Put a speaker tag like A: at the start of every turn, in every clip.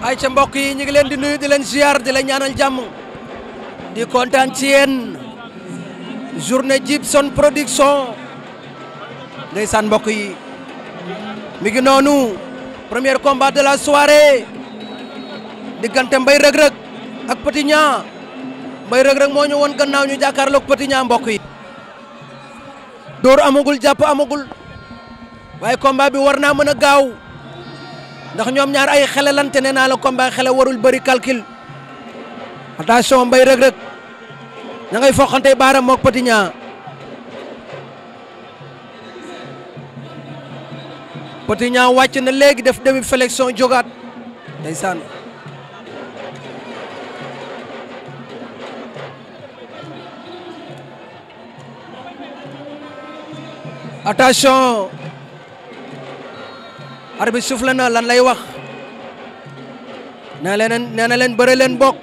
A: ay ca mbokk yi ñu ngi leen di nuyu di leen ziar di leen ñaanal jàmm di kontaan ci yéen journée Djibson production ndeysaan mbokk yi mi ngi noonu premier combat de la soirée diggante Mbaye Reug Reug ak Petit Niang Mbaye Reug Reug moo ñu woon gannaaw ñu jàkkaarloog Petit Niang mbokk yi. dóor amagul jàpp amagul waaye combat bi war naa mën a gaaw. ndax ñoom ñaar ay xelalante ne naa la combat xele warul bëri calcul attention mbay rëg rëg ña ngay foqante baaraam mook Petit Niang Petit Niang wàcc na léegi def demi flexion jógaat ndeysaan attention arbitre souffle na lan lay wax nee leen nee na leen bëre leen bokk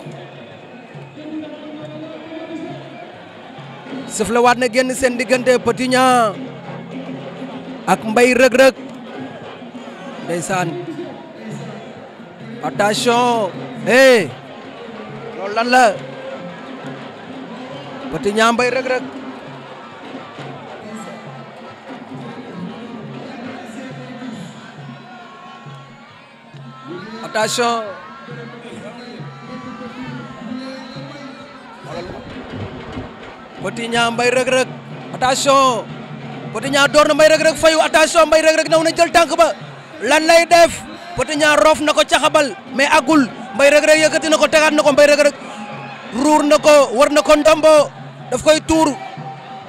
A: souffle waat na génn seen diggante Petit Niang ak Mbay Rëg Rëg ndeysaan attention eh loolu lan la Petit Niang Mbay Rëg attention ñaa mbay Mbaye Reug Reug attention Petit Niang door na Mbaye Reug Reug fayu attention Mbaye Reug Reug naw na jël tànk ba lan lay def Petit Niang roof ko caxabal mais agul Mbaye Reug Reug yëkkati na ko tegaat na ko Mbaye Reug Reug ruur na ko war ko ndombo daf koy tuur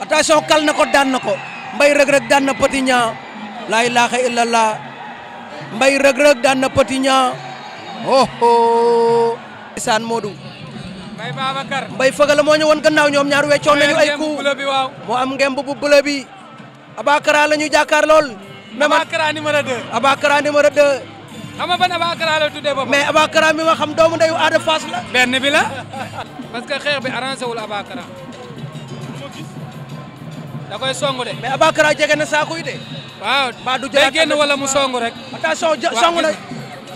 A: attention kal ko daan ko mbay Reug Reug daan na Petit Niang laa ilaaha illallah Mbaye Reug Reug daan na Petit hoho isaan Modou Mbaye Babacar Mbaye Feugeula moo ñu woon gannaaw ñoom ñaar weccoo nañu ay coup moo am ngemb bu bleu bi Abakara la ñu jàkkaar lool Abakara numéro 2 Abakara numéro 2 xam nga ban Abakara mi ma xam doomu ndeyu Ada Fass la benn bi la
B: parce que xeex bi arrangé wul Abakara
A: songu de mais Abakara jege na saaku de waaw ba du jëlaat day génn mu songu rek songu na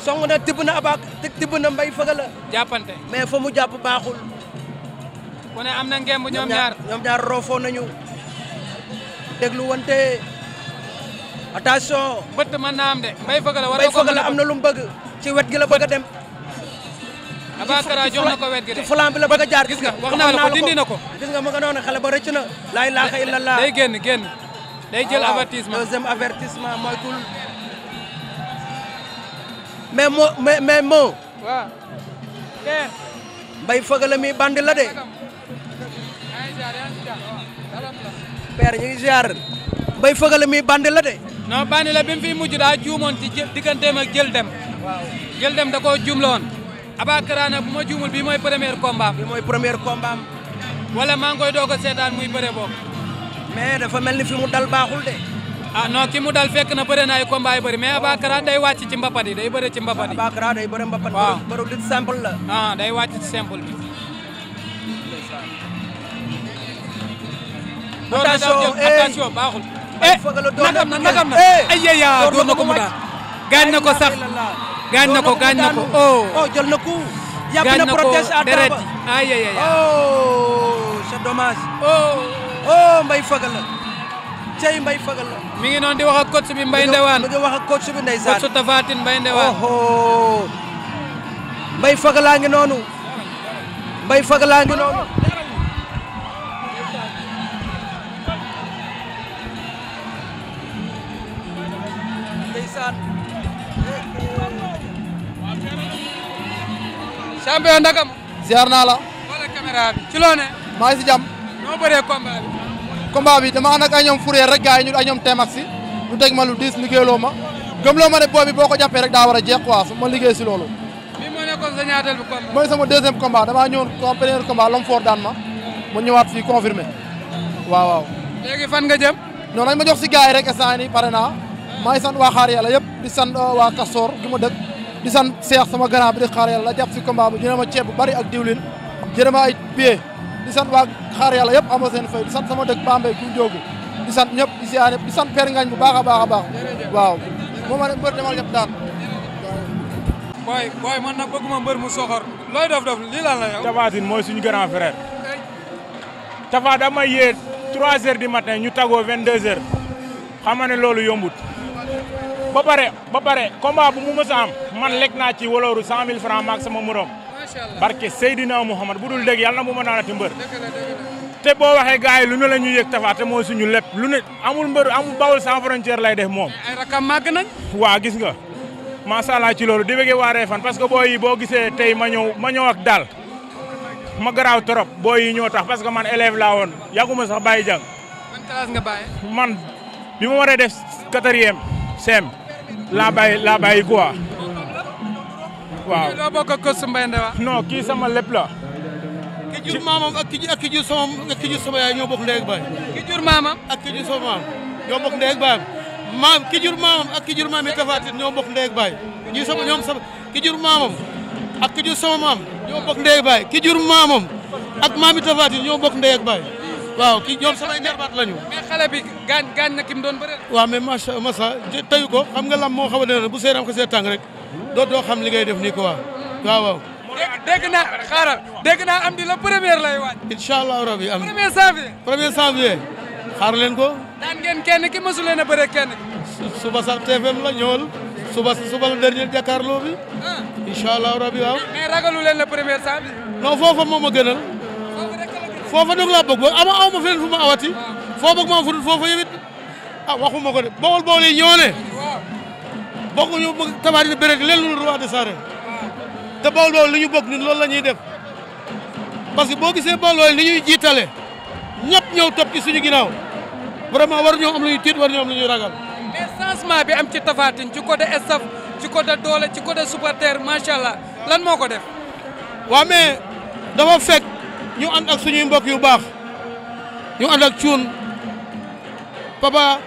A: song na tibb na abaak tibb na mbay fëgal jàppante mais fa mu jàpp baaxul. ku am na ngemb ñoom ñaar ñoom ñaar roofoo nañu. déglu wante attention. bët mën naa am de mbay fëgal na ko mbay am na lu mu bëgg. ci wet gi la bëgg a dem.
B: Abacara jox na ko
A: wet gi de ci flan bi la bëgg a jaar. gis nga
B: wax naa la ko na ko
A: gis nga ma nga noonu xale ba rëcc na. laa ilaaha illallaah day génn génn. day jël avertissement deuxième avertissement mooy kul. mais moo mais mais moo. waaw. mbay fëgale mi bandi la de. père ñu ngi ziar mbay fëgale mi la de.
B: non bandi la bi mu fi mujj daa juumoon ci jë digganteem ak jël dem. waaw dem da koo jumloon. Abakara nag bu ma juumul bii mooy premier combat. bii mooy premier combat wala maa ngi koy doog a seetaan muy bëre bokk. mais mel ni fi mu dal baaxul de. ah non mu dal fekk na bëre na ay combat yu bëri mais Abakara day wàcc ci mbapat yi day bëre ci mbapat yi. Abakara day bëre mbapat. waaw bëru lutte simple la. ah day wàcc ci simple bi.
C: attention eh. attention
B: baaxul. Eh, na nagam na eh. ko mu daal. gaañ na ko sax gaañ na ko gaañ na ko oh. Oh,
A: deret ay yéya oh c'est dommage. oh oh cey mbay fagal la. mi ngi noonu di wax ak coach bi Mbaye Ndewane mi ngi wax ak coach bi ndeysaan coach Tapha Tine
C: naa la. wala ne. maa ngi si jàmm. combat bi dama ànd ak ay ñoom Fourier rek gars yi ñu ay ñoom Temax si ñu teg ma lu diis liggéeyloo ma gëmloo ma ne boo boo ko jàppee rek daa war a jeex quoi su ma liggéey si loolu.
B: bii moo
C: mooy sama deuxième combat damaa ñëwoon sama premier combat lom fort daan ma ma ñëwaat fii confirmé waaw waaw. léegi fan nga jëm. non nañ ma jox si gars yi rek instant yii pare naa maa ngi waa xaar yàlla yëpp di sant euh, waa Kastor di ma dëkk di san Cheikh sama grand bi di xaar yàlla si combat bi dina ma ceeb bu bari ak diwlin jërë di sant waa xaar yàlla yëpp amoo seen fay di sama dëkk Bambey ku jógu di sant ñëpp bu baax a baax a baax waaw moo ma ne mbër demal ñëpp daan
D: booy booy man nag bëgguma mbër mu soxor looy dof dof mooy suñu grand frère Tapha dama yee trois heures du matin ñu tagoo vingt deux heures xam nga ne loolu yombut ba pare ba pare combat bu mu mës a am man lekk naa ci walooru cent mille francs maak sama morom barke Seydina Mouhamad bu dul dégg yàlla na bu ma naanati mbër te boo waxee gars yi lu ne la ñu yëg Tapha moo suñu lépp lu ne amul mbër amul bawul sans frontière lay def moom ay màgg nañ waa gis nga macha ci loolu di bëggee waa Réfane parce que boo yi boo gisee tey ma ñëw ma ñëw ak ma garaaw trop boo yi ñoo tax parce que man élève laa woon yàgguma sax bàyyi jàng man classe nga bàyyi man bi ma waree def quatrième sem laa bàyyi laa bàyyi quoi waaw kii loo bokk ak kër kii sama lépp la. ki jur maamam ak ki ak ki jur sama
C: ak ki jur ak baay. ki jur maamam ak ki jur sama maam ñoo bokk ndey ak baay maam ki jur maamam ak ki jur maam yi tafaatit ñoo ak baay jur sama maam ñoo bokk ndey baay ki jur maamam ak maam yi ñoo bokk ndey baay waaw ki ñoom samay jarbaat lañu. mais xale bi gaañ gaañ ki mu doon bëre. waaw mais masa tayu ko xam nga lam moo xaw a bu seeram xasee tàng rek. dootoo xam li ngay def nii quoi waaw waaw. dégg naa xaaral dégg naa am di la première lay waaj. incha allah rabi am premier janvier. premier janvier leen ko. daan ngeen kenn ki mësu leen a suba sax TFM la ñëwal suba suba la dernier jàkkaarloo bi. Ah. incha allah waaw. mais foofa moo ma gënal. foofa dog laa bëgg ba ama aw ma feneen fu ma awati. Ah. foo bëgg ma am fu dul foofa yëwit ah waxuma ko de bool bool yi ñoo ne. bokkuñu Taphatine bëre ak lenn roi des arènes te Bawol Bawol li ñu bokk ñun loolu la ñuy def parce que boo gisee Bawol Bawol li ñuy jiitale ñëpp ñëw topp ci suñu ginnaaw vraiment war ñoo am lu ñu tiit war ñoo am lu ñuy ragal.
B: mais bi am ci Taphatine ci côté staff ci côté doole ci côté supporter macha allah
C: lan moo ko def. waaw mais dafa fekk ñu ànd ak suñuy mbokk yu baax ñu ànd ak cuun papa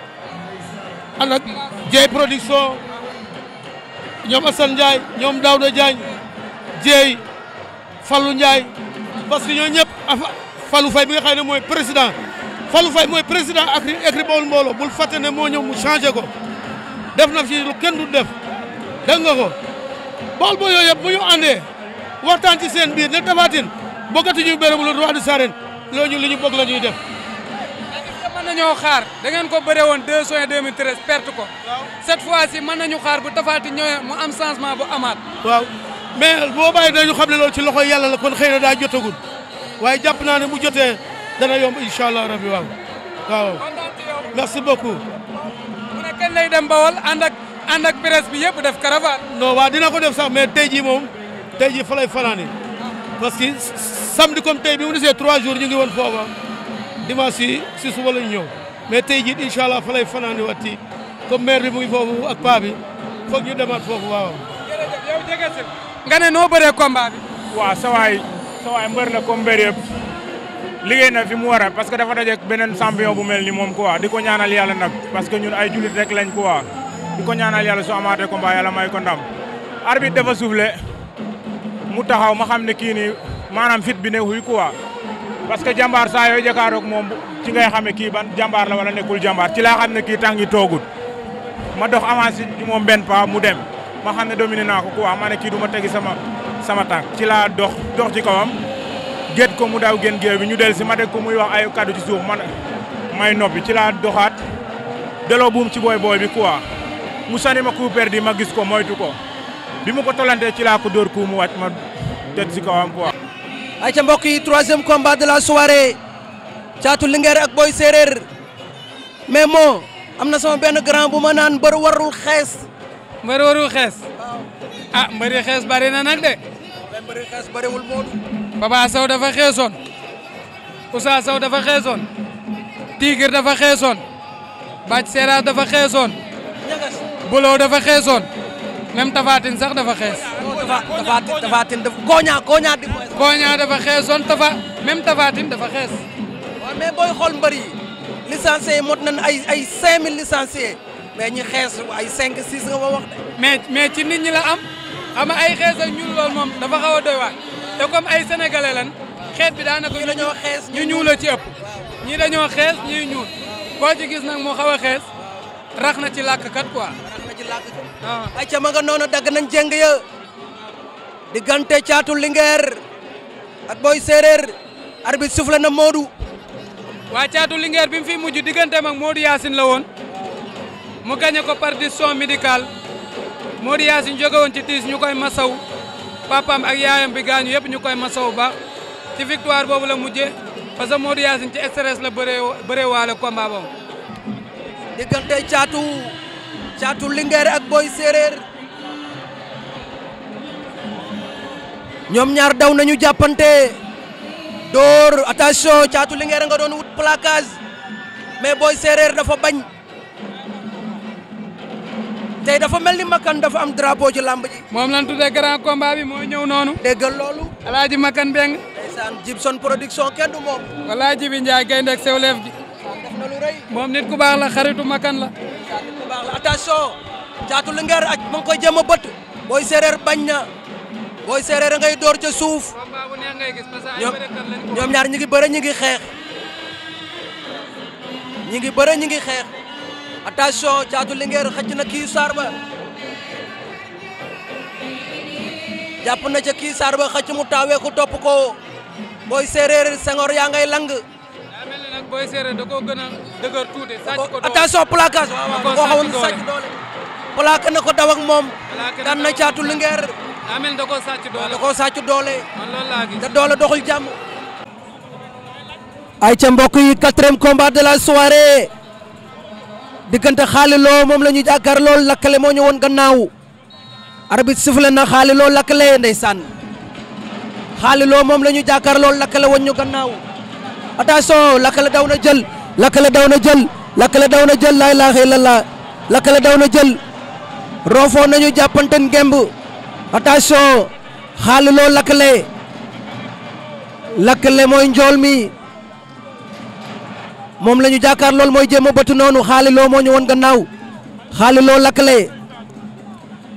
C: ànd ak Jey production. ñoom Assane Ndiaye ñoom Daouda Diagne Dieye Fallou Ndiaye parce que ñoo ñëpp Fallou Faye bi nga xam ne mooy président Fallou Faye mooy président ak écrit Baol Mbooloo bul fàtte ne moo ñëw mu changé ko def na fi lu kenn du def dégg nga ko Baol Mbooloo yooyu bu ñu àndee waxtaan ci seen biir ne Tapha Tine bokkatuñu bérébu le roi des arènes ñu li ñu bëgg la ñuy def nañoo xaar da ngeen ko bëree woon 2 juin 2013 perte
B: ko. waaw cette fois man nañu xaar bu tafaati ñëwee mu am changement bu amaat.
C: waaw mais boo dañu xam ne loolu ci loxo yàlla la kon xëy na daa jotagul waaye jàpp naa ne bu jotee dana yomb incha allah rabi waaw. waaw merci beaucoup. mu ne kañ lay dem Bawol ànd ak ànd ak presse bi yëpp def caravane. non waa dina ko def sax mais tey jii moom tey jii fa lay fanaane ah. parce que samedi comme tey bi mu desee 3 jours ñu ngi woon foofa. dimanche si suba lañ ñëw mais tey jii incha allah fa lay fanaani watti
D: comme maire bi muy foofu ak paa bi foog ñu demaat foofu waaw. nga ne noo bëree combat bi. waaw sa mbër la comme liggéey na fi mu war a parce que dafa dajeek beneen champion bu mel ni moom quoi di ko ñaanal yàlla nag parce que ñun ay julit rek lañ quoi di ko ñaanal yàlla su amaatee combat yàlla may ko ndam. arbitre dafa soufflé mu taxaw ma xam ne kii nii maanaam fit bi ne xuy parce que jàmbaar saa yooyu jàkkaaroog moom ci ngay xamee kii ban jàmbaar la wala nekkul jàmbaar ci laa xam ne kii tàngi toogul ma dox avancé moom benn pas mu dem ma xam ne dominé naa ko quoi ma ne kii du ma tegi sama sama tànk ci laa dox dox ci kawam gét ko mu daw gén géew bi ñu del si ma dégg ko muy wax ay kaddu ci suuf man may noppi ci laa doxaat deloo buum ci bi quoi mu sani ma coup perdu ma gis ko moytu ko bi mu ko tolantee ci laa ko dóor ku mu wàcc ma tëdd si ay ca mbokk yi troisième combat de la soirée
A: caatu lingeer ak boy séeréer mais moo am na sama benn grand bu ma naan mbër warul xees mbër warul xees ah mbëri xees bari na nag
B: de mbëri xees bariwul moodu dafa xeesoon Ousa Sow dafa xeesoon Tigre dafa xeesoon Bac Seras dafa xeesoon Bulo dafa xeesoon même Tafatine sax dafa xees tafa tafa
A: tafaatin dafa gooñaa gooñaa di mooy. gooñaa dafa xeesoon tafa même tafaatin dafa xees. waaw mais booy xool mbër yi licenciés yi mot ay ay 5000 licenciés mais ñi xees ay 5 6 nga ma wax de. mais mais ci nit ñi la am xam ay xees ak ñuul
B: lool moom dafa xaw a doy waar te comme ay sénégalais lan xeet bi daanaka ñu dañoo xees ñu ñuul la ci ëpp. ñii dañoo xees ñuy ñuul koo ci gis nag moo xaw a xees rax na ci làkk kat quoi. rax na ci
A: làkk kat. Ah. ayca ma dagg nañ jéng ya. diggante caatu Linguère ak Boy Séeréer arbitre soufflé na Modou.
B: waa caatu Linguère bi fi mujj diggante mag Modou Yacine la woon mu gagné ko par décision médicale Modou Yacine jóge woon ci tiis ñu koy masaw papaam ak yaayam bi gaañu yëpp ñu koy masaw ba ci victoire boobu la mujjee parce que Modou Yacine ci stress la bëree bëree waale combat boobu. diggante caatu
A: caatu Linguère ak booy Séeréer. ñoom ñaar daw nañu jàppante door attention caatu lingeer nga doon wut placage mais booy séeréer dafa bañ tey dafa mel ni Makan dafa am drapeau ci làmb ji. moom lan tuddee grand combat bi mooy ñëw noonu. déggal loolu. alaaji Makan Beng. ndeysaan Jibson production kenn du moom. alaaji
B: bi Ndiaye gaynde ak sewleef gi. moom nit ku baax la xaritu Makan la. nit
A: ku caatu lingeer ak mu koy jëm a bët. booy séeréer bañ na. booy séeréer a ngay door ca suuf ñoom ñaar ñi ngi bëre ñi ngi xeex ñi ngi bëre ñi ngi xeex attention caatu lingeer xëcc na kii saar ba jàpp na ca kii saar ba xëcc mu taawee ko topp ko booy séeréer sengoor yaa ngay lang
B: booy séeréer da koo gën a dëgër tuuti ko attention plaquage waaw
A: waaw na ko daw moom daan caatu lingeer daa mel da koo sàcc doole da koo sàcc doxul jàmm. ay ca mbokk yi quatrième combat de la soirée diggante xaali loo moom lañuy ñu lool lakkale moo ñu woon gannaaw arbitre sifflé na xaali loo lakkale ndeysaan xaali loo moom lañuy ñu jàkkaar lool lakkale woon ñu gannaaw attention lakkale daw na jël lakkale daw na jël lakkale daw na jël laa ilaaha illallaah lakkale daw na jël roofoo nañu jàppante ngemb attention Xaali Lo lakk le mooy njool mi moom la ñu lool mooy jéem a bëtt noonu Xaali Lo moo ñu woon gannaaw Xaali Lo Lakkale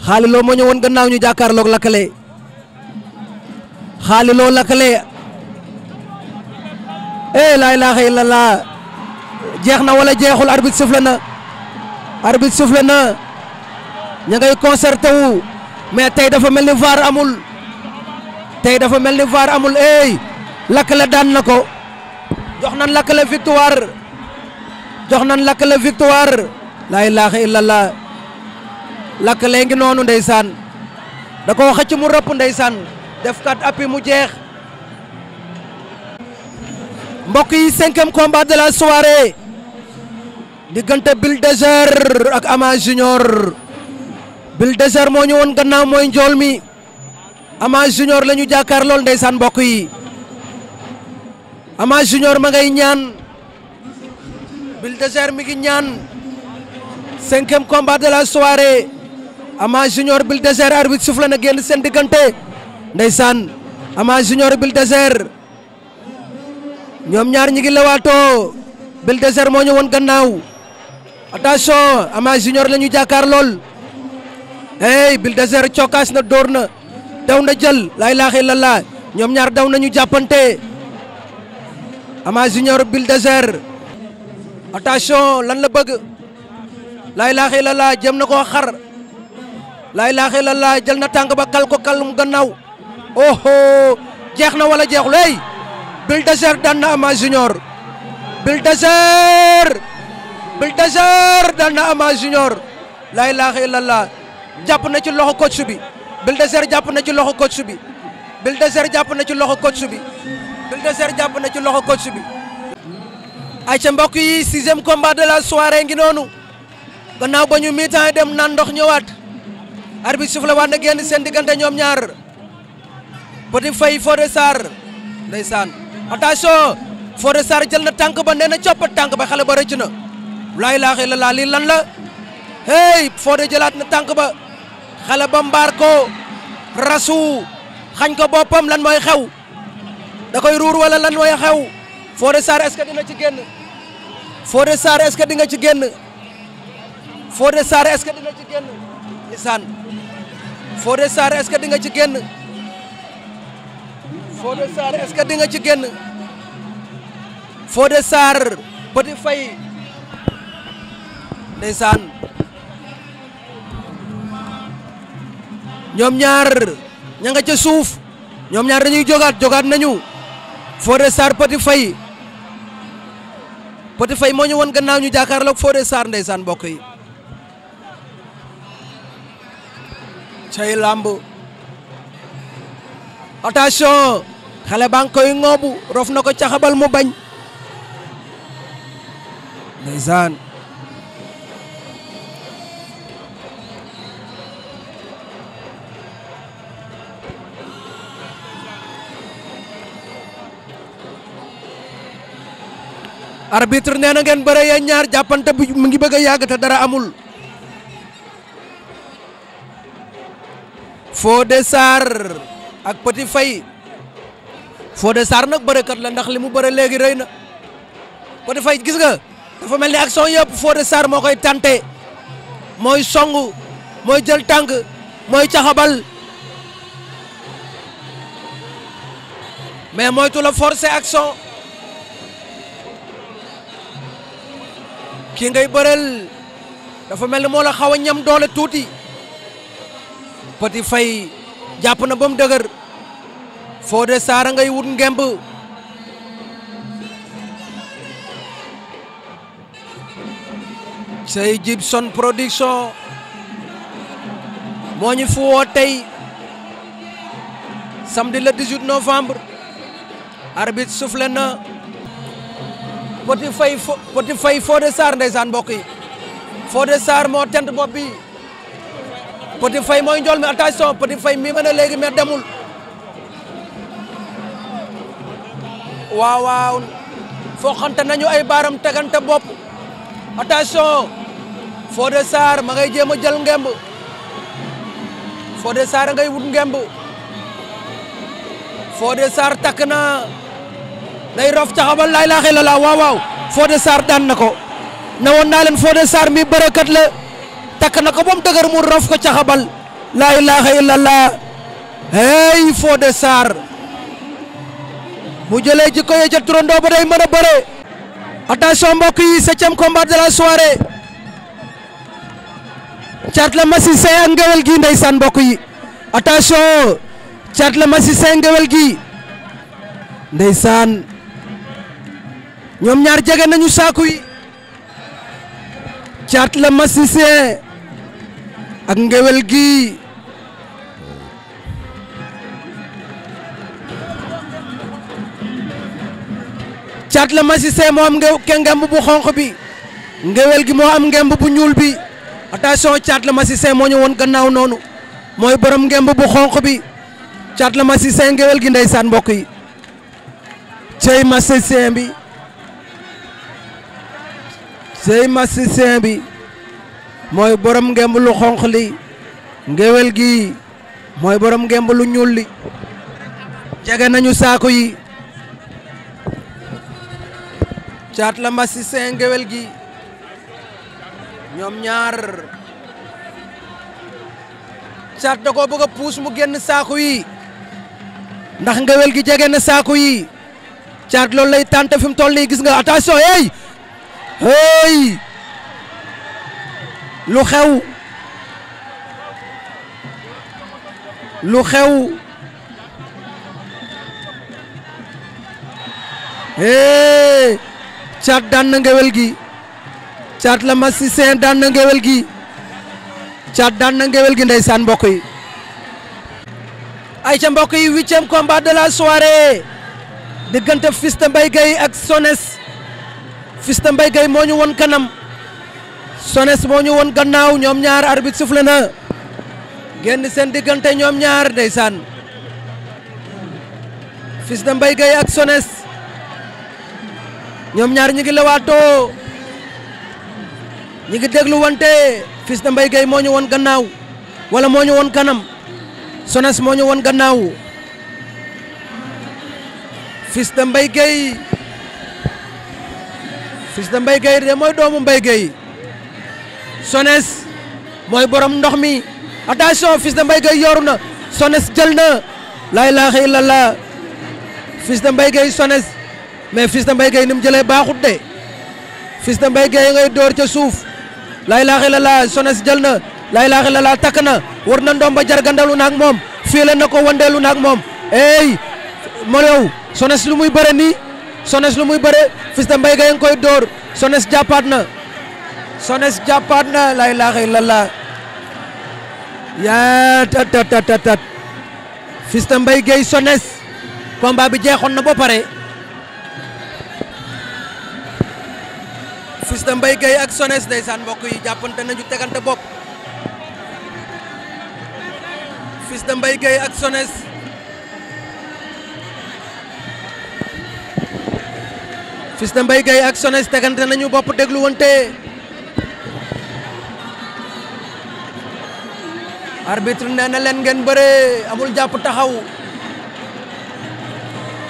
A: Xaali Lo moo ñu woon gannaaw ñu jàkkaarloog Lakkale Xaali Lo Lakkale eh laa ilaaha jeex na wala jeexul arbitre siffle na arbitre siffle na ña ngay concerté mais tey dafa mel ni vaar amul tey dafa mel ni vaar amul ey Lakkale daan na ko jox nan Lakkale victoire jox nan Lakkale victoire laa ilaaha illallah Lakkale ngi noonu ndeysaan da koo xëcc mu rëpp ndeysaan def kat appui mu jeex mbokk yi cinquième combat de la soirée diggante Bulldozer ak Ama Junior Buldozer moo ñu woon gannaaw mooy njool mi Ama Junior la ñu jàkkaar lool ndeysaan mbokk yi Ama Junior ma ngay ñaan Buldozer mi ngi ñaan cinquième combat de la soirée Ama Junior Buldozer arbitre souffle na génn seen diggante ndeysaan Ama Junior Buldozer ñoom ñaar ñi ngi lewaatoo Buldozer moo ñu woon gannaaw attention Ama Junior la ñu jàkkaar lool hey Bulldozer cokaas na door na daw na jël laa ilaaha illallaah ñoom ñaar daw nañu jàppante Ama Junior Bulldozer attention lan la bëgg laa ilaaha illallaah jëm na koo xar laa ilaaha illallaah jël na tànk ba kal ko kal mu gannaaw oho jeex na wala jeexul hey Bulldozer daan na Ama Junior Bulldozer Bulldozer daan na Ama Junior laa ilaaha illallaah jàpp na ci loxo coach bi Bulldozer jàpp na ci loxo coach bi Bulldozer jàpp na ci loxo coach bi Bulldozer jàpp na ci loxo coach bi ay ca mbokk yi sixième combat de la soirée ngi noonu gannaaw ba ñu mi-temps dem naan ndox ñëwaat arbitre soufflé waat na génn seen diggante ñoom ñaar Petit Faye Fodé Sarr ndeysaan attention Fodé Sarr jël na tànk ba nee na tànk ba xale ba rëcc na laa la illallaah lii lan la hey Fodé jëlaat na tànk ba xale ba ko rasu xañ ko boppam lan mooy xew da koy ruur wala lan mooy xew Fodé Sarr est-ce que ci génn foode Sarr est-ce di nga ci génn Fodé Sarr est-ce nga ci génn isaan Fodé Sarr est di nga ci génn Fodé Sarr est-ce que di nga ci génn Fodé Sarr Petit Faye ndeysaan ñoom ñaar ña nga ca suuf ñoom ñaar dañuy jogaat jogaat nañu foo Sarr Petit Faye Petit moo ñu won gannaaw ñu jàkkaarloog Fodé Sarr ndeysaan mbokk yi cay làmb attention xale baa ngi koy ŋoobu rof na ko caxabal mu bañ ndeysaan arbitre nee na ngeen bëre yeen ñaar jàppante bi mu ngi bëgg a yàgg dara amul Fodé Sarr ak fay Faye de Sarr nag bërekat la ndax li mu bëre léegi rëy na Petit fay gis nga dafa mel ni action yëpp de Sarr moo koy tante mooy songu mooy jël tànk mooy caxabal mais mooy tu la forcer kii ngay bëreel dafa mel ni moo la xaw a ñam doole tuuti Petit fay jàpp na ba mu dëgër Fodé Saara ngay wut ngemb say Gibson production moo ñu fu woo tey samedi le 18 novembre arbitre soufflé na Petit Faye Petit Faye Fodé Sarr ndeysaan mbokk yi Fodé Sarr moo tent bopp bi Petit Faye mooy njool mi attention Petit Faye mi mën a léegi mais demul waaw waaw foo nañu ay baaram tegante bopp attention Fodé Sarr ma ngay jéem a jël ngemb Fodé Sarr ngay wut ngemb Fodé Sarr takk na day rof taxawal laa ilaaha illallaah waaw waaw Fodé daan na ko ne woon naa leen Fodé Sarr mi bërëkat la takk na ko ba dëgër mu rof ko caxabal laa ilaaha illallaah hey Fodé Sarr mu jëlee jikko ye ca turandoo ba day mën a bëre attention mbokk yi septième combat de la soirée caat la masi say ak ngewel gi ndeysaan mbokk yi attention caat la masi say ngewel gi ndeysaan ñoom ñaar jege nañu saaku yi caat la masise ak ngewel gi caat la masise moo am ngemb bu xonq bi ngewel gi moo am ngemb bu ñuul bi attention caat la masise moo ñu woon gannaaw noonu mooy borom ngemb bu xonq bi caat la masise ngewel gi ndeysaan mbokk yi cey masise bi sey masticien bi mooy borom ngemb lu xonq li ngéwél gi mooy borom ngemb lu ñuul li jege nañu saako yi caat la masticien ngéwél gi ñoom ñaar caat da koo bëgg a puus mu génn saako yi ndax ngéwél gi jege na saako yi caat lool lay tànte fi mu toll nii gis nga attention hey hey lu xew lu xew hey caat daan na ngewel gi caat la ma si seen daan na ngewel gi caat daan na ngewel gi ndeysaan mbokk yi ay ca mbokk yi huitième combat de la soirée diggante Fils de Mbaye ak Sones Fils de Mbaye moo ñu won kanam Sones moo ñu won gannaaw ñoom ñaar arbitre soufflé na génn seen diggante ñoom ñaar ndeysaan Fils de Mbaye Gueye ak Sones ñoom ñaar ñi ngi lewaatoo ñi ngi déglu wante Fils de Mbaye Gueye moo ñu won gannaaw wala moo ñu won kanam Sones moo ñu won gannaaw Fils de Mbaye fils de Mbaye Gueye de mooy doomu Mbaye Gueye Sones mooy borom ndox mi attention fils de Mbaye Gueye na Sones jël na la ilaha illallah fils de Mbaye Gueye Sones mais fils de Mbaye Gueye ni mu jëlee baaxut de fils de Mbaye Gueye ngay door ca suuf la ilaha illallah Sones jël na la ilaha illallah takk na war na ndomba jargandalu naag moom fii la na ko wandeelu ak moom ey Morew Sones lu muy bëre nii Sones lu muy bëre Fils de Mbaye Gueye koy dóor Sones jàppaat na Sones jàppaat na la ilaha illallah yaa tat tat tat tat Fils de Mbaye Gueye Sones bi jeexoon na ba pare Fils de Mbaye ak Sones ndeysaan mbokk yi jàppante nañu tegante bopp Fils de Mbaye ak Sones Fils de Mbaye Gueye ak Sones tegante nañu bopp déglu wante arbitre nee na leen ngeen bëre amul jàpp taxaw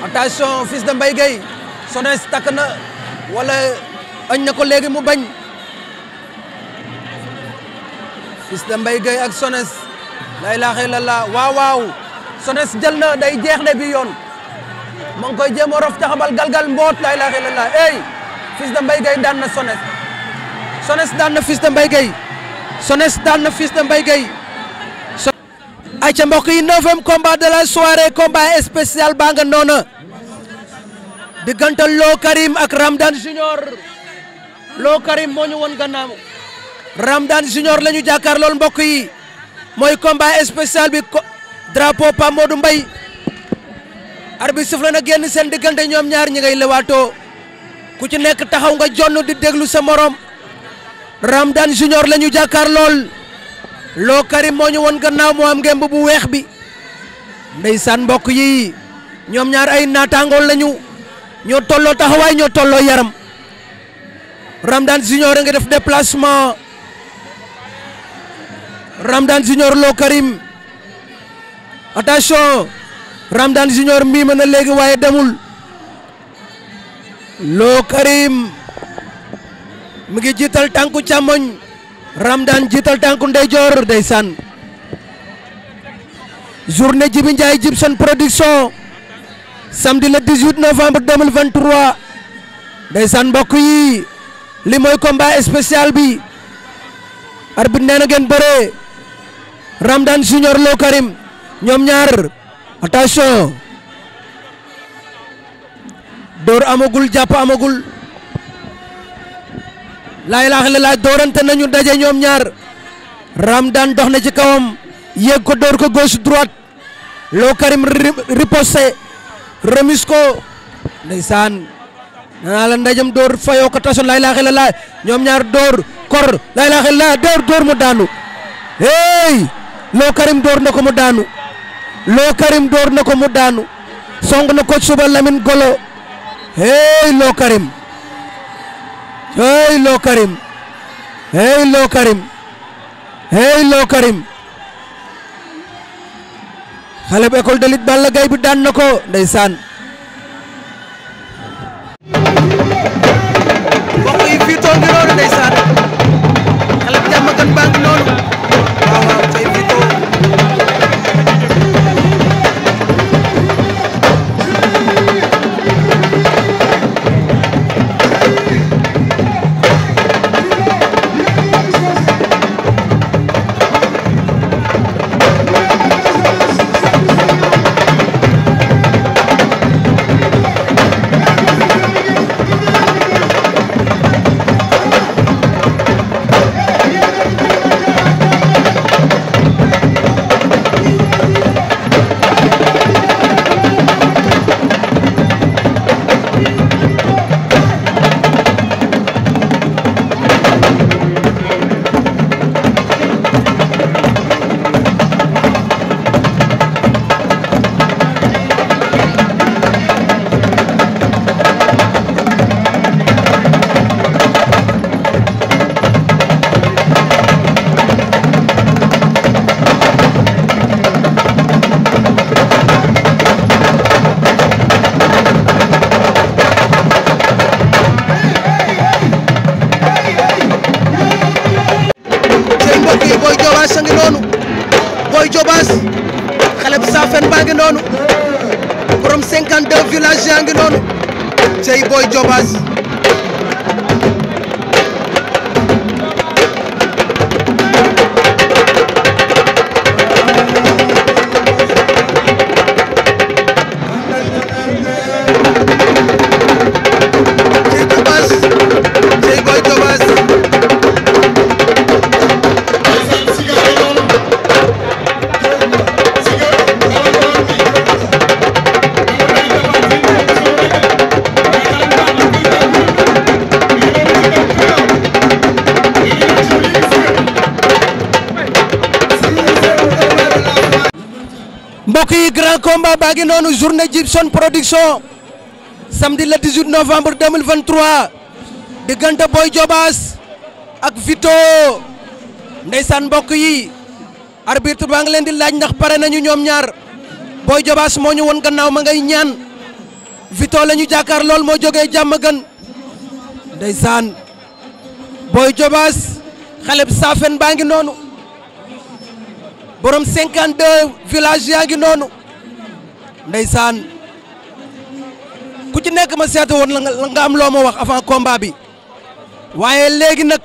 A: attention Fils de Sones takk na wala añ na ko léegi mu bañ Fils de Mbaye Gueye ak Sones la ilaha illallah waaw waaw Sones jël na day jeex de bi yoon moo ngi koy jéem a rof taxabal galgal mboot la ilaha illallah ey Fils de Mbaye daan na Sones Sones daan na Fils de Mbaye Gueye Sones ay ca mbokk yi neuvième combat de la soirée combat spécial baa nga noona diggante Lo Karim ak Ramdan Junior Lo Karim moo ñu woon gannaaw Ramdan Junior la jàkkaar lool mbokk yi mooy combat spécial bi drapeau Pa Modou Mbaye arbitre sifflé na génn seen diggante ñoom ñaar ñi ngay lewaatoo ku ci nekk taxaw nga jonn di déglu sa morom Ramdan Junior la ñu jàkkaar lool Lô Karim moo ñu won gannaaw moo am ngemb bu weex bi ndeysaan mbokk yi ñoom ñaar ay naataangool lañu ñoo tolloo taxawaay ñoo tolloo yaram Ramdan Junior a ngi def déplacement Ramdan Junior Lô Karim attention Ramdan Junior mbiima na léegi waaye demul Lô Karim mu ngi jiital tànku càmmoñ Ramdan jiital tànku ndeyjoor ndeysaan journée Djibi Ndiaye Djibson production samedi le 18 novembre 2023 ndeysaan mbokk yi li mooy combat spécial bi arbitre nee na ngeen bëre Ramdan Junior Lô Karim ñoom ñaar attention door amagul jàpp amagul laay laax la laay doorante nañu daje ñoom ñaar Ramdan dox na ci kawam yéeg ko door ko gauche droite Lo Karim riposté remis ko ndeysaan nanaa la ndajam door fayoo ko tasoon laay laax la ñoom ñaar door kor laay laax la door door mu daanu hey Lo Karim door na ko mu daanu loo karim door ko mu daanu song na ko suba Lamine Golo hey loo karim hey loo karim hey loo karim hey loo karim xale bu école de lutte Balla Gaye bi daan na ko ndeysaan Fafen baa ngi noonu borom 52 village yaa ngi noonu cey booy Jobaas combat baa ngi noonu journée Djibson production samedi le 18 novembre 2023 diggante Boy Diobass ak Vito ndeysaan mbokk yi arbitre baa ngi leen di laaj ndax pare nañu ñoom ñaar Boy Diobass moo ñu won gannaaw ma ngay ñaan Vito lañuy ñu jàkkaar lool moo jógee jàmm gan ndeysaan Boy Diobass xaleb saafen baa ngi noonu borom 52 village yaa ngi noonu ndeysaan ku ci nekk ma seete woon la nga am loo ma wax avant combat bi waaye léegi nag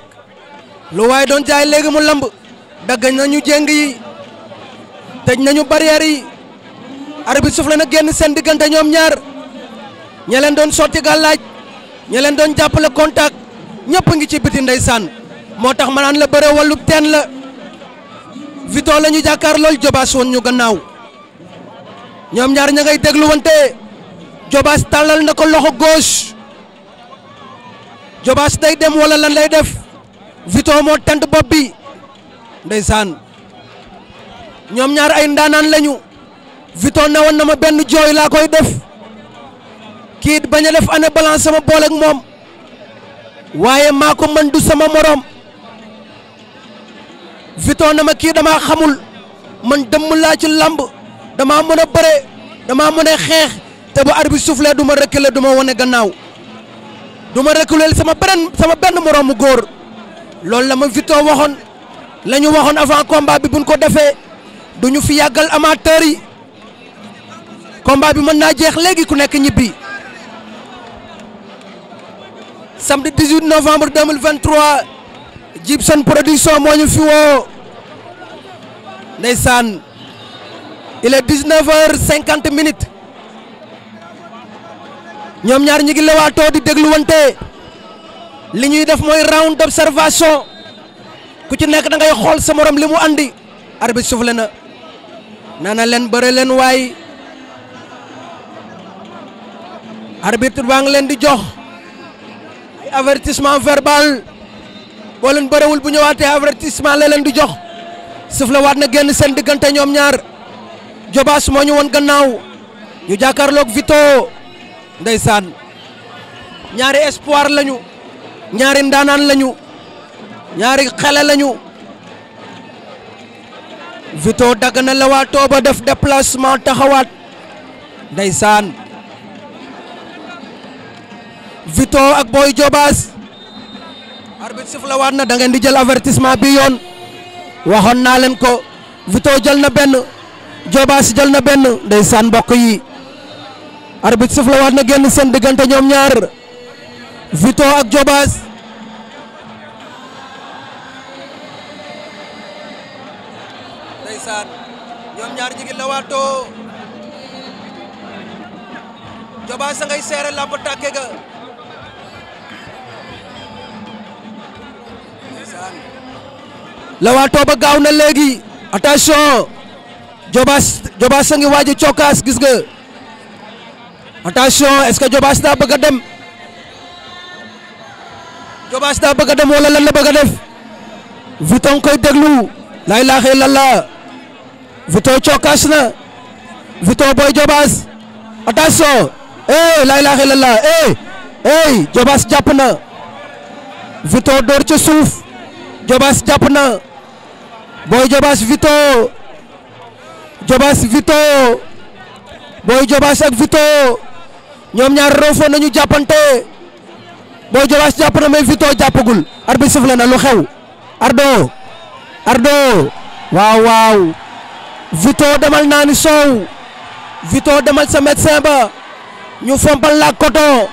A: lu waaye doon jaay léegi mu lamb dagg nañu jéng yi tëj nañu barrière yi arbitre souffle na génn seen diggante ñoom ñaar ña leen doon sotti gàllaaj ña leen doon jàppale contact ñëpp ngi ci biti ndeysaan moo tax ma naan la bëre wàllu teen la Vito la ñu jàkkaar lool jobaas woon ñu gannaaw ñoom ñaar ña ngay déglu Jobaas tàllal na ko loxo goos Jobaas day dem wala lan lay def Vito moo tent bopp bi ndeysaan ñoom ñaar ay ndaanaan lañu Vito newoon na ma benn jooy laa koy def kii bañ a def année balance sama boole ak moom waaye maa ko mën du sama moroom Vito na ma kii damaa xamul man dëmm laa ci làmb dama mën a bëre damaa mën a xeex te bu arbitre bi soufflé du ma reculer du wane gannaaw du ma reculer sama beneen sama benn moroomu góor loolu la ma Vito waxoon lañu waxoon avant combat bi buñ ko defee du ñu fi yàggal amateur yi combat bi mën naa jeex léegi ku nekk ñibbi samedi 18 novembre 2023 Jibson production moo ñu fi woo ndeysaan il est 19 heures 50 minutes ñoom ñaar ñi ngi lewaatoo di dégluwante li ñuy def mooy round d'observation ku ci nekk da ngay xool sa morom li mu andi arbitre soufflé na nana leen bare leen waaye arbitre baa ngi leen di jox ay avertissement verbal boo leen bërewul bu ñëwaatee avertissement la leen di jox soufflé waat na génn seen diggante ñoom ñaar Jobaas moo ñu woon gannaaw ñu jàkkaarloog Vito ndeysaan ñaari espoir lañu ñaari ndanaan lañu ñaari xale lañu Vito dagg na la waa tooba def déplacement taxawaat ndeysaan Vito ak Boy Jobaas arbitre sifflé waat na da di jël avertissement bi yoon waxoon naa leen ko Vito jël na benn Jobaas jal na benn ndeysaan mbokk yi arbitre suuf la na génn seen diggante ñoom ñaar Vito ak Jobaas ndeysaan a ngay seere làmb tàkke ga ndeysaan ba gaaw na léegi attention Jobaas Jobaas a ngi waaj cokkaas gis nga est-ce que Jobaas daa bëgg a dem Jobaas daa bëgg a dem wala lan la bëgg a def koy déglu laa ilaaha illallaah Vuitton cokkaas na Vuitton booy Jobaas attention eh laa ilaaha illallaah eh eh Jobaas jàpp na Vuitton door ca suuf Jobaas jàpp na booy Jobaas Vuitton. Jobaas Vito Boy Jobaas ak Vito ñoom ñaar roofoo nañu jàppante Boy Jobaas jàpp na mais Vito jàppagul arbitre sifflé na lu xew Ardo Ardo waaw waaw Vito demal naani soow Vito demal sa médecin ba ñu fompal laak coton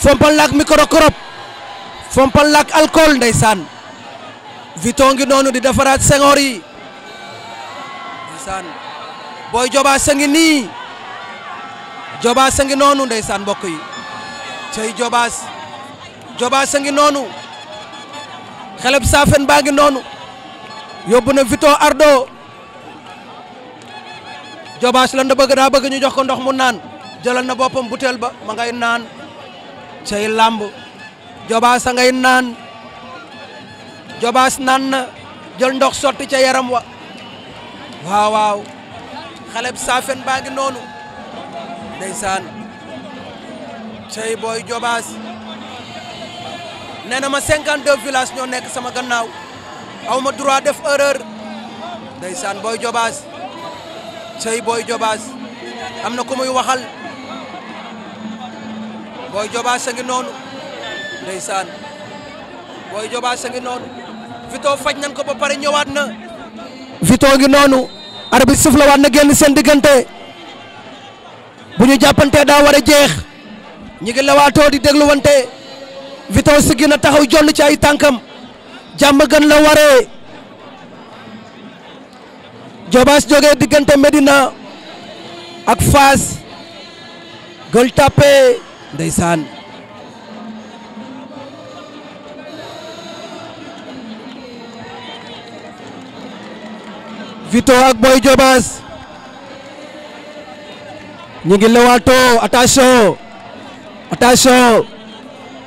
A: fompal laak microcorop fompal laak alcool ndeysaan Vito ngi noonu di defaraat sengoor yi ndeysaan booy jobaa sangi nii jobaa sa ngi noonu ndeysaan mbokk yi cey jobaas jobaas a noonu xeleb saafen baa ngi noonu yóbbu na Vito Ardo jobaas lan da bëgg naa bëgg ñu jox ko ndox mu naan jëlal na boppam butéel ba ma ngay naan cey làmb jobaas a naan jobaas naan na jël ndox sotti ca yaram wa waaw waaw xale bu saafen baa ngi noonu ndeysaan cey booy jobaas nee na ma 52 village ñoo nekk sama gannaaw aw ma droit def erreur ndeysaan booy jobaas cey booy jobaas am na ku muy waxal booy jobaas a ngi noonu ndeysaan booy jobaas a ngi noonu Vito faj nañ ko ba pare ñëwaat na Vito ngi noonu arbitre suuf la waat na génn seen diggante bu ñu jàppantee daa war a jeex ñi ngi lawaatoo di dégluwante Vito siggi na taxaw jonn ci ay tànkam jàmm gën la waree Jobaas jógee diggante Medina ak Faas Gueule Tapée ndeysaan Vito ak Boy Diobass ñu ngi lewaatoo attention attention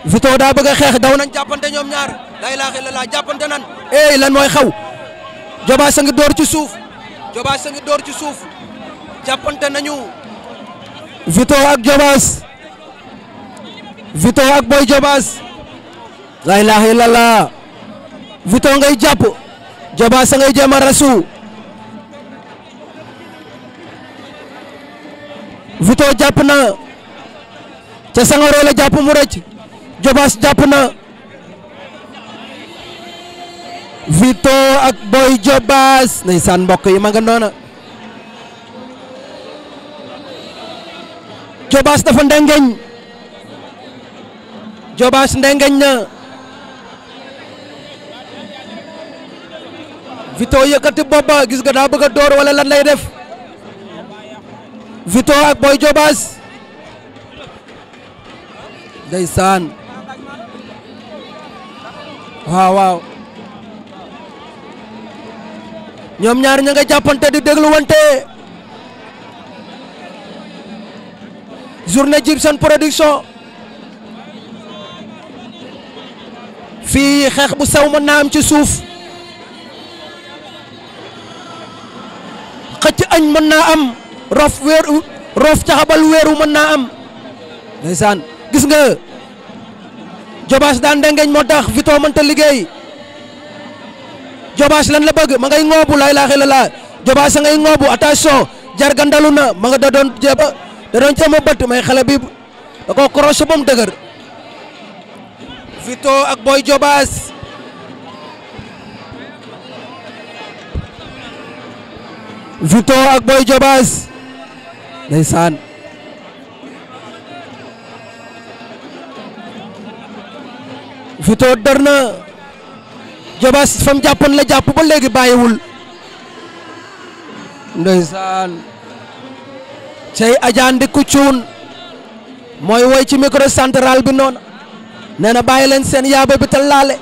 A: Vito daa bëgg a xeex daw nañ jàppante ñoom ñaar laa ilaaha illallaah jàppante nan eh lan mooy xaw Diobass a ngi door ci suuf Diobass a ngi door ci suuf jàppante nañu Vito ak Diobass Vito ak Boy Diobass laa ilaaha Vito ngay jàpp Diobass a ngay jéem a rasu jàpp na ca Sangaro la jàpp mu rëcc Jobaas jàpp na Vito ak Boy Jobaas ndeysaan mbokk yi ma nga noona Jobaas dafa ndengeñ Jobaas ndengeñ na Vito yëkkati bopp gis nga daa wala lan lay def Vito ak Boy Diobass ndeysaan waaw waaw ñoom ñaar ña nga jàppante di déglu wante journée Djibson production fii xeex bu sew mën naa am ci suuf xëcc añ mën na am rof weeru rof caxabal weeru mën naa am ndeysaan gis nga jobaas daan dengeñ moo tax Vito mënta liggéey jobaas lan la bëgg ma ngay ngoobu lay laaxe jobaas a ngay ngoobu attention jarga ndalu na ma nga da doon jéba da doon jéem a bët may xale bi ko croche ba dëgër Vito ak Boy Jobaas Vito ak Boy Jobaas ndeysaan Vito dar na Jobaas fam jàppoon la jàpp ba léegi bàyyiwul ndeysaan cey ajaan di ku mooy woy ci micro central bi noonu nee na bàyyi leen seen yaaba bi te laale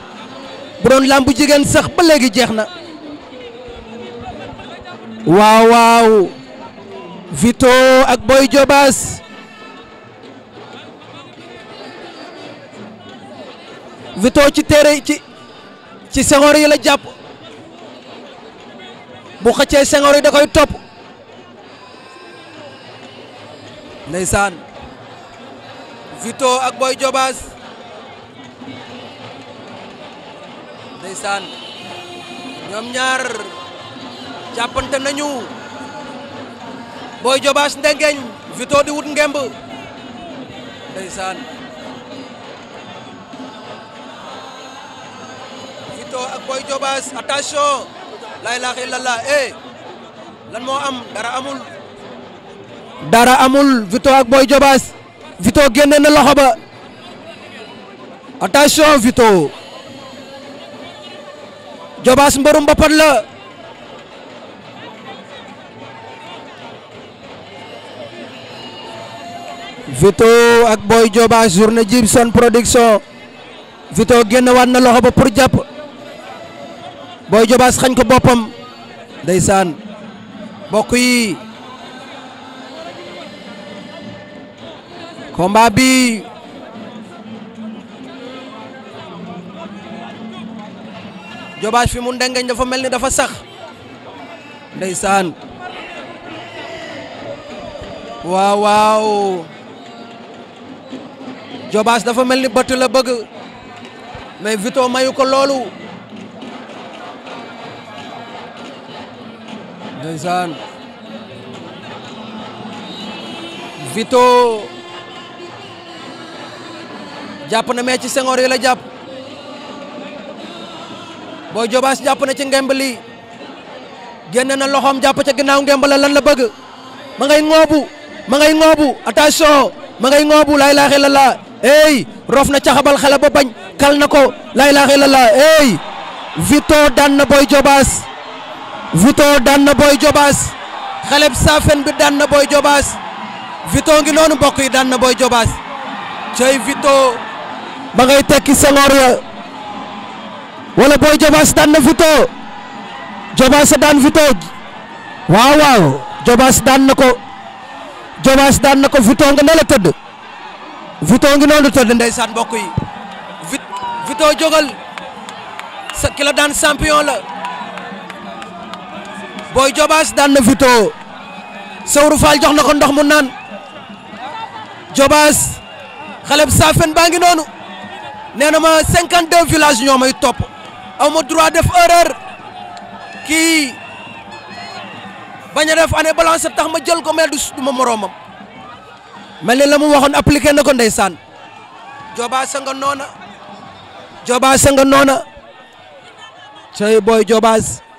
A: bu doon làmbu jigéen sax ba léegi jeex na waaw waaw Vito ak Boy jobaas Vito ci téere ci ci sengoor yi la jàpp bu xëccee sengoor yi da topp ndeysaan Vito ak Boy Diobass ndeysaan ñoom ñaar jàppante nañu booy jobaas ndengeñ Vito di wut ngemb ndeysaan Vito ak booy jobaas attention la ilaha illallah eh lan moo am dara amul dara amul Vito ak booy jobaas Vito génne na loxo ba attention Vito jobaas mbërum mbapat la Vito ak Boy Dioba journée Jimson production Vito génn waat na loxo ba pour jàpp Boy Dioba xañ ko boppam ndeysaan mbokk yi combat bi Dioba fi mu ndengeñ dafa mel ni dafa sax ndeysaan waaw waaw Jobaas dafa mel ni bët la bëgg mais Vito mayu ko loolu ndeysaan Vito jàpp na mais ci sengoor yi la jàpp boo Jobaas jàpp na ci ngemb li génn na loxoom jàpp ca ginnaaw ngemb la lan la bëgg ma ngay ngoobu ma ngay ngoobu attention ma ngay ngoobu laa ilaaha illallaah ey rof na caxabal xale ba bañ kal na ko la ilaha illallah ey daan na Boy Diobass Vito daan na Boy Diobass xaleb saafen bi daan na Boy Diobass Vito ngi noonu mbokk yi daan na Boy Diobass cey Vito ba ngay tekki sengoor ya wala Boy Diobass daan na Vito Diobass daan Vito waaw waaw Diobass daan na ko Diobass daan na ko Vito nga ne tëdd Vito ngi noonu tëdd ndeysaan mbokk yi Vito jógal sa ki la daan champion la Boy Jobaas daan na Vito Sawru Fall jox na ko ndox mu naan Jobaas xale bu saafen baa ngi noonu nee na ma 52 village ñoo may topp aw ma droit def erreur kii bañ def année balance tax ma jël ko mel du ma moroomam. mel ne la mu waxoon appliqué na ko ndeysaan Joba Sanga noona Joba Sanga noona cey boy Jobaas